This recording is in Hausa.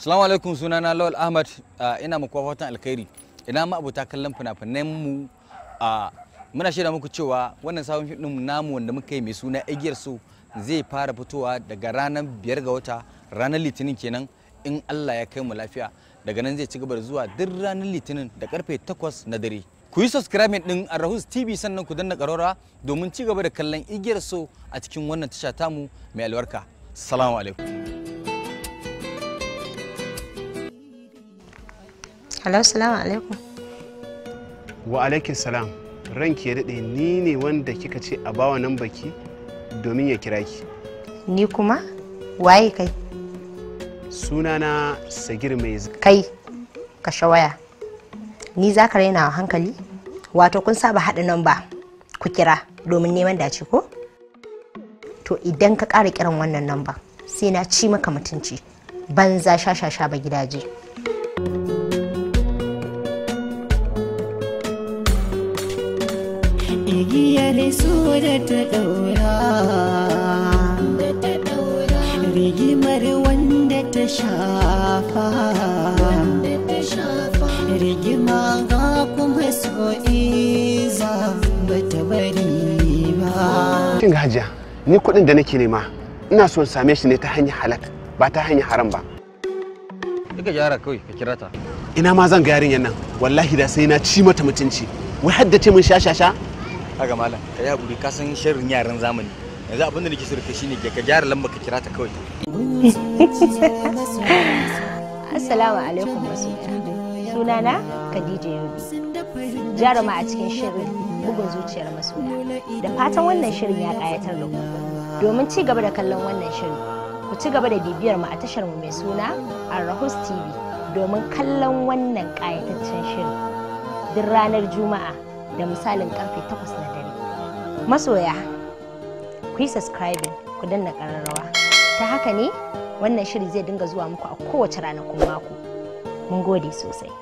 Assalamu alaikum sunana Lawal Ahmad ah, ina muku fatan alkhairi ina ma abota kallon fina-finan mu ah, muna shaida muku cewa wannan sabon fim din namu wanda muka yi mai suna igiyar so zai fara fitowa daga ranar biyar ga wata ranar litinin kenan in Allah ya kai mu lafiya daga nan zai ci gaba da zuwa duk ranar litinin da karfe 8 na dare ku yi subscribe din rahus TV sannan ku danna karora domin ci gaba da kallon igiyar so a cikin wannan tasha tamu mai albarka assalamu alaikum Hello, salamu alaikum. Wa alaikin salam. Ranki ya daɗe ni ne wanda kika ce a bawa nan baki domin ya kira ki. Ni kuma? Waye kai? Sunana Sagir mai Kai, ka waya. Ni za ka raina wa hankali? Wato kun saba haɗa nan ba ku kira domin neman dace ko? To idan ka ƙara kiran wannan nan ba sai na ci maka mutunci. Banza sha sha sha ba gidaje. rigiyar su da ta daura rigimar wanda ta shafa rigima ga kuma so iza ba ta bari ba kin hajiya ni kuɗin da nake nema ina son same shi ne ta hanyar halak ba ta hanyar haram ba ka gyara kawai ka kira ta ina ma zan ga yarinyar nan wallahi da sai na ci mata mutunci wai haddace mun sha-sha-sha? kaga malam kai hakuri ka san shirin yaran zamani yanzu abin da nake so da kai shine ka gyara lamba ka kira ta kawai assalamu alaikum masoya sunana khadija yobi jaruma a cikin shirin bugun zuciyar masoya da fatan wannan shirin ya kayatar da ku domin ci gaba da kallon wannan shirin ku ci gaba da bibiyar mu a tashar mu mai suna arahus tv domin kallon wannan kayataccen shirin duk ranar juma'a da misalin karfe 8 na dare. Masoya, ku yi subscribing ku danna ƙararrawa. Ta haka ne wannan shiri zai dinga zuwa muku a kowace ranakun mako. Mun gode sosai.